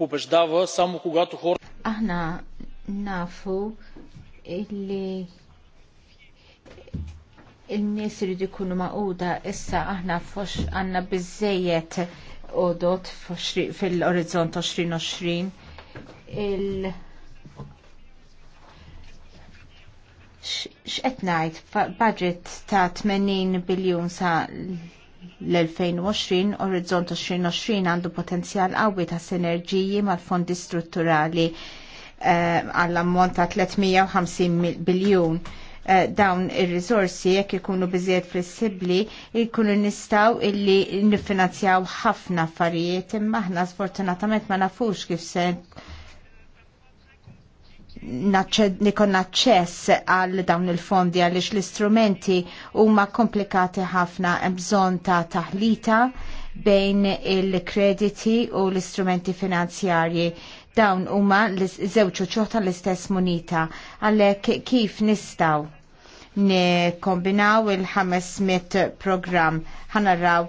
побеждава само когато хората... Ахна нафу или il-nies rridu jkunu maquda issa aħna fux għanna bizzejiet odot fil-orizzont 2020 il- x'qed ngħid budget ta' 80 biljun sa' l-2020 Orizzont 2020 għandu potenzjal qawwi ta' sinerġiji mal-fondi strutturali eh, għall ammont ta' 350 biljun. Eh, dawn ir risorsi jekk ikunu biżjed flessibbli jkunu nistaw illi niffinanzjaw ħafna affarijiet imma aħna sfortunatament ma nafux kif se nikon naċċess għal dawn il-fondi għalix l-istrumenti huma komplikati ħafna bżon ta' taħlita bejn il-krediti u l-istrumenti finanzjarji dawn huma żewġ ċoħta l-istess munita għalhekk kif nistaw nikombinaw il-500 program ħanarraw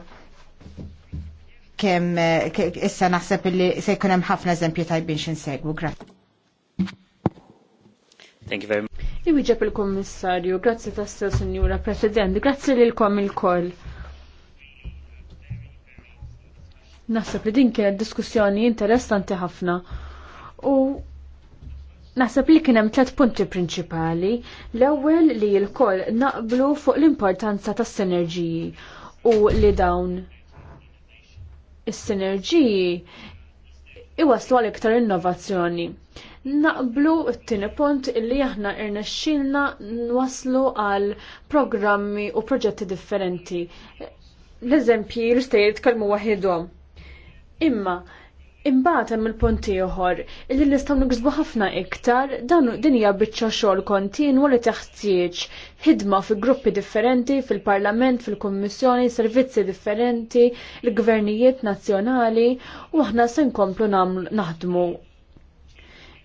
kemm issa naħseb li se jkun hemm ħafna eżempji tajbin x'insegwu. Grazie. Thank you very much. Iwiġab il-Kommissarju, grazzi tassew, Signora President, grazzi li l-kom il-koll. Naħseb li din kienet diskussjoni interessanti ħafna u naħseb li kienem tlet punti prinċipali. L-ewwel li l-koll naqblu fuq l-importanza tas-sinerġiji u li dawn is-sinerġiji iwaslu għal iktar innovazzjoni naqblu t-tini punt illi aħna irnexxilna nwaslu għal programmi u proġetti differenti. L-eżempji l-istejt kalmu waħidhom. Imma, Imbagħad hemm il-punt ieħor illi nistgħu niksbu ħafna iktar dan din hija biċċa xogħol kontinwa li teħtieġ ħidma fi gruppi differenti fil-Parlament, fil-Kummissjoni, servizzi differenti, l-gvernijiet nazzjonali u aħna se nkomplu naħdmu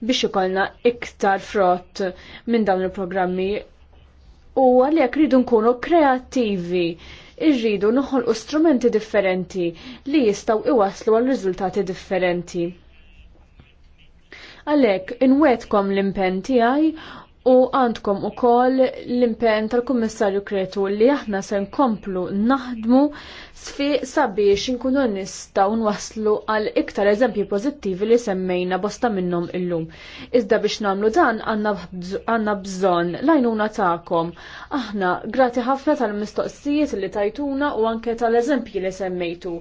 biex ikollna iktar frott minn dawn il-programmi u għalhekk rridu nkunu kreattivi irridu noħolqu strumenti differenti li jistaw iwaslu għal riżultati differenti. Għalek, inwetkom l-impen tijaj u għandkom u koll l-impen tal-Kummissarju Kretu li aħna se nkomplu naħdmu sfiq sabiex inkunu nistgħu nwasslu għal iktar eżempji pożittivi li semmejna bosta minnhom illum. Iżda biex nagħmlu dan għandna bżonn l-għajnuna tagħkom. Aħna grati ħafna tal-mistoqsijiet li tajtuna u anke tal-eżempji li semmejtu.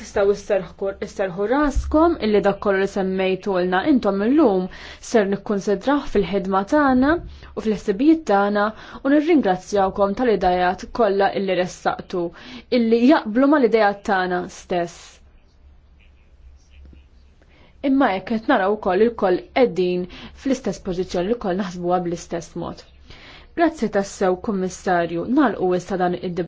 Tistgħu isserħu raskom illi dak kollu li semmejtu intom illum ser nikkunsidraw fil-ħidma tagħna u fl-ħsibijiet tagħna u nirringrazzjawkom tal-idejat kollha illi ressaqtu illi jaqblu mal-idejat tagħna stess. Imma hekk qed naraw ukoll il-koll qegħdin fl-istess pożizzjoni li koll naħsbuha bl-istess mod. Grazzi tassew, Kummissarju, nagħlqu issa dan id